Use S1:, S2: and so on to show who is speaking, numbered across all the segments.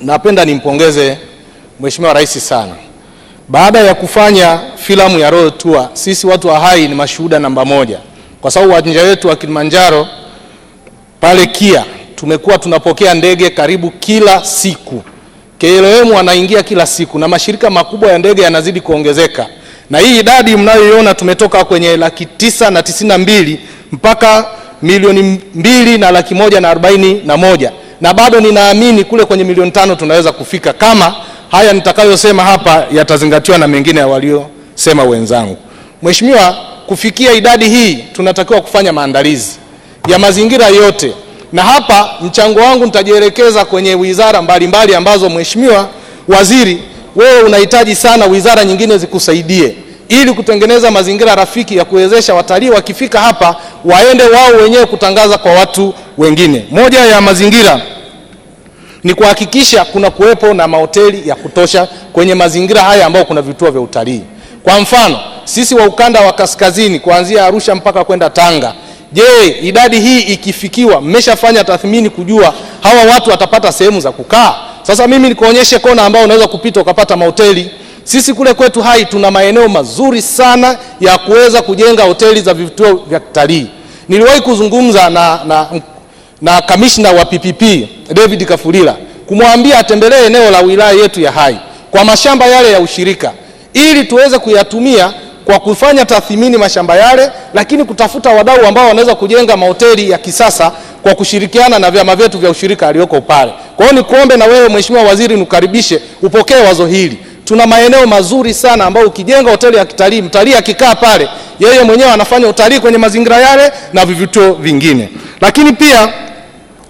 S1: Napenda nimpongeze Mheshimiwa Rais sana. Baada ya kufanya filamu ya Royal Tour, sisi watu wa Hai ni mashuhuda namba moja, kwa sababu uwanja wetu wa Kilimanjaro pale KIA tumekuwa tunapokea ndege karibu kila siku. KLM wanaingia kila siku na mashirika makubwa ya ndege yanazidi kuongezeka, na hii idadi mnayoiona tumetoka kwenye laki tisa na tisini na mbili mpaka milioni mbili na laki moja na arobaini na moja na bado ninaamini kule kwenye milioni tano tunaweza kufika kama haya nitakayosema hapa yatazingatiwa na mengine ya waliosema wenzangu. Mheshimiwa, kufikia idadi hii tunatakiwa kufanya maandalizi ya mazingira yote, na hapa mchango wangu nitajielekeza kwenye wizara mbalimbali mbali ambazo Mheshimiwa Waziri wewe unahitaji sana wizara nyingine zikusaidie ili kutengeneza mazingira rafiki ya kuwezesha watalii wakifika hapa waende wao wenyewe kutangaza kwa watu wengine. Moja ya mazingira ni kuhakikisha kuna kuwepo na mahoteli ya kutosha kwenye mazingira haya ambayo kuna vituo vya utalii. Kwa mfano, sisi wa ukanda wa kaskazini kuanzia Arusha mpaka kwenda Tanga. Je, idadi hii ikifikiwa, mmeshafanya tathmini kujua hawa watu watapata sehemu za kukaa? Sasa mimi nikuonyeshe kona ambayo unaweza kupita ukapata mahoteli. Sisi kule kwetu Hai tuna maeneo mazuri sana ya kuweza kujenga hoteli za vivutio vya kitalii. Niliwahi kuzungumza na, na, na kamishna wa PPP David Kafulila kumwambia atembelee eneo la wilaya yetu ya Hai kwa mashamba yale ya ushirika ili tuweze kuyatumia kwa kufanya tathmini mashamba yale, lakini kutafuta wadau ambao wanaweza kujenga mahoteli ya kisasa kwa kushirikiana na vyama vyetu vya ushirika aliyoko pale. Kwa hiyo nikuombe na wewe Mheshimiwa Waziri, nikukaribishe upokee wazo hili. Tuna maeneo mazuri sana ambayo ukijenga hoteli ya kitalii, mtalii akikaa pale, yeye mwenyewe anafanya utalii kwenye mazingira yale na vivutio vingine. Lakini pia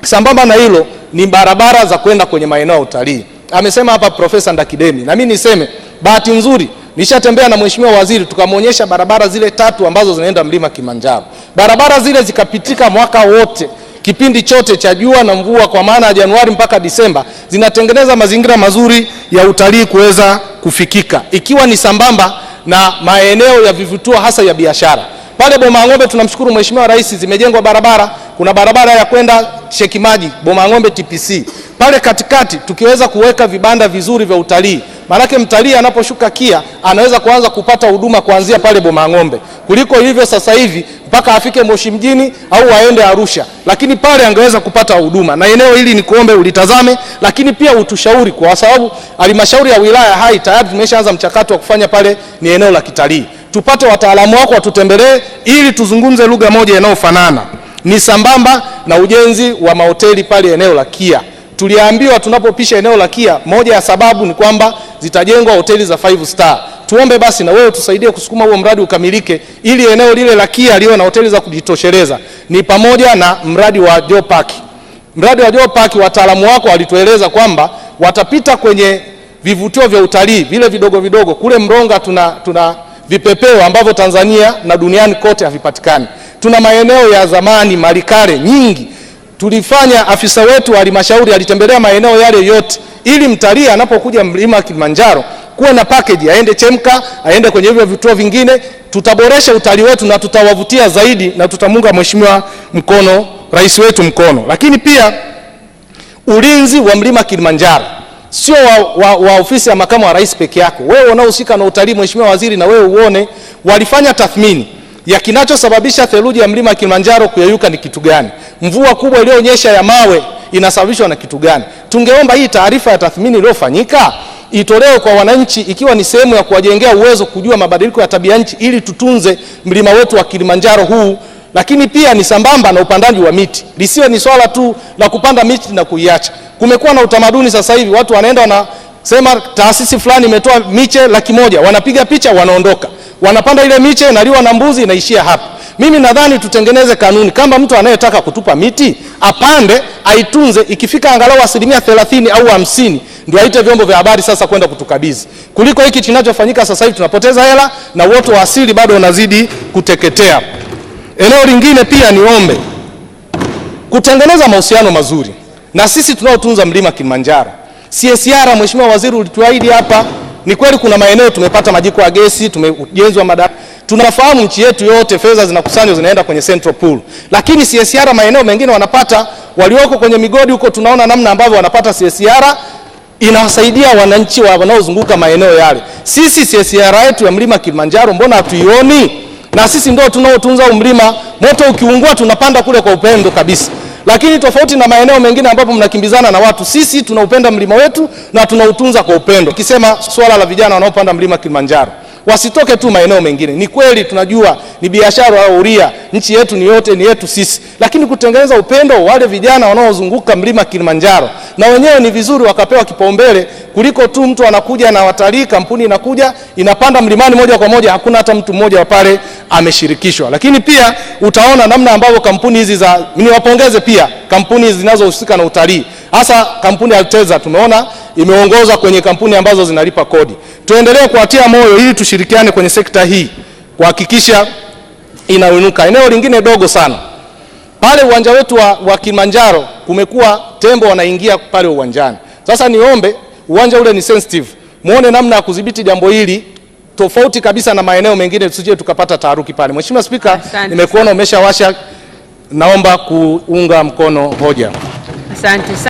S1: sambamba na hilo ni barabara za kwenda kwenye maeneo ya utalii. Amesema hapa Profesa Ndakidemi, na mimi niseme bahati nzuri nishatembea na mheshimiwa waziri tukamwonyesha barabara zile tatu ambazo zinaenda mlima Kilimanjaro. Barabara zile zikapitika mwaka wote kipindi chote cha jua na mvua, kwa maana ya Januari mpaka Disemba, zinatengeneza mazingira mazuri ya utalii kuweza kufikika, ikiwa ni sambamba na maeneo ya vivutio hasa ya biashara. Pale boma ng'ombe tunamshukuru Mheshimiwa Rais, zimejengwa barabara. Kuna barabara ya kwenda Shekimaji Bomang'ombe TPC. Pale katikati tukiweza kuweka vibanda vizuri vya utalii Maanake mtalii anaposhuka KIA anaweza kuanza kupata huduma kuanzia pale Bomang'ombe kuliko ilivyo sasa hivi mpaka afike Moshi mjini au aende Arusha, lakini pale angeweza kupata huduma. Na eneo hili ni kuombe ulitazame, lakini pia utushauri, kwa sababu halmashauri ya wilaya Hai tayari tumeshaanza mchakato wa kufanya pale, ni eneo la kitalii. Tupate wataalamu wako watutembelee, ili tuzungumze lugha moja inayofanana, ni sambamba na ujenzi wa mahoteli pale eneo la KIA. Tuliambiwa tunapopisha eneo la KIA, moja ya sababu ni kwamba zitajengwa hoteli za five star. Tuombe basi na wewe tusaidie kusukuma huo mradi ukamilike, ili eneo lile la KIA liwe na hoteli za kujitosheleza, ni pamoja na mradi wa Park. Mradi wa Park, wataalamu wako walitueleza kwamba watapita kwenye vivutio vya utalii vile vidogo vidogo. Kule Mronga tuna, tuna vipepeo ambavyo Tanzania na duniani kote havipatikani. Tuna maeneo ya zamani malikale nyingi tulifanya afisa wetu wa halmashauri alitembelea maeneo yale yote, ili mtalii anapokuja mlima Kilimanjaro kuwe na package, aende Chemka, aende kwenye hivyo vituo vingine. Tutaboresha utalii wetu na tutawavutia zaidi, na tutamunga mheshimiwa mkono rais wetu mkono. Lakini pia ulinzi wa mlima Kilimanjaro sio wa, wa, wa ofisi ya makamu wa rais peke yako. Wewe unaohusika na utalii, mheshimiwa waziri, na wewe uone walifanya tathmini ya kinachosababisha theluji ya mlima Kilimanjaro kuyayuka ni kitu gani? Mvua kubwa iliyonyesha ya mawe inasababishwa na kitu gani? Tungeomba hii taarifa ya tathmini iliyofanyika itolewe kwa wananchi, ikiwa ni sehemu ya kuwajengea uwezo kujua mabadiliko ya tabia nchi, ili tutunze mlima wetu wa Kilimanjaro huu lakini pia ni sambamba na upandaji wa miti, lisiwe ni swala tu la kupanda miti na kuiacha. Kumekuwa na utamaduni sasa hivi, watu wanaenda wanasema taasisi fulani imetoa miche laki moja, wanapiga picha, wanaondoka wanapanda ile miche inaliwa na mbuzi, inaishia hapa. Mimi nadhani tutengeneze kanuni kama mtu anayetaka kutupa miti apande, aitunze, ikifika angalau asilimia thelathini au hamsini ndio aite vyombo vya habari sasa kwenda kutukabidhi, kuliko hiki kinachofanyika sasa hivi. Tunapoteza hela na uoto wa asili bado unazidi kuteketea. Eneo lingine pia niombe kutengeneza mahusiano mazuri na sisi tunaotunza mlima Kilimanjaro. CSR, Mheshimiwa Waziri, ulituahidi hapa ni kweli kuna maeneo tumepata majiko ya gesi, tumeujenzi wa Tunafahamu nchi yetu yote fedha zinakusanywa zinaenda kwenye central pool, lakini CSR maeneo mengine wanapata, walioko kwenye migodi huko, tunaona namna ambavyo wanapata CSR inawasaidia wananchi wanaozunguka maeneo yale. Sisi CSR yetu ya mlima Kilimanjaro mbona hatuioni? Na sisi ndio tunaotunza mlima Moto ukiungua tunapanda kule kwa upendo kabisa. Lakini tofauti na maeneo mengine ambapo mnakimbizana na watu, sisi tunaupenda mlima wetu na tunautunza kwa upendo. Kisema swala la vijana wanaopanda mlima Kilimanjaro wasitoke tu maeneo mengine. Ni kweli tunajua ni biashara au huria, nchi yetu ni yote ni yetu sisi, lakini kutengeneza upendo, wale vijana wanaozunguka mlima Kilimanjaro na wenyewe ni vizuri wakapewa kipaumbele kuliko tu mtu anakuja na watalii, kampuni inakuja inapanda mlimani moja kwa moja, hakuna hata mtu mmoja wa pale ameshirikishwa. Lakini pia utaona namna ambavyo kampuni hizi za, niwapongeze pia kampuni zinazohusika na utalii Hasa kampuni ya Alteza tumeona imeongoza kwenye kampuni ambazo zinalipa kodi. Tuendelee kuwatia moyo ili tushirikiane kwenye sekta hii kuhakikisha inainuka. Eneo lingine dogo sana pale uwanja wetu wa, wa Kilimanjaro kumekuwa tembo wanaingia pale uwanjani. Sasa niombe uwanja ule ni sensitive, muone namna ya kudhibiti jambo hili tofauti kabisa na maeneo mengine, tusije tukapata taharuki pale. Mheshimiwa Spika, nimekuona umeshawasha, naomba kuunga mkono hoja. Asante.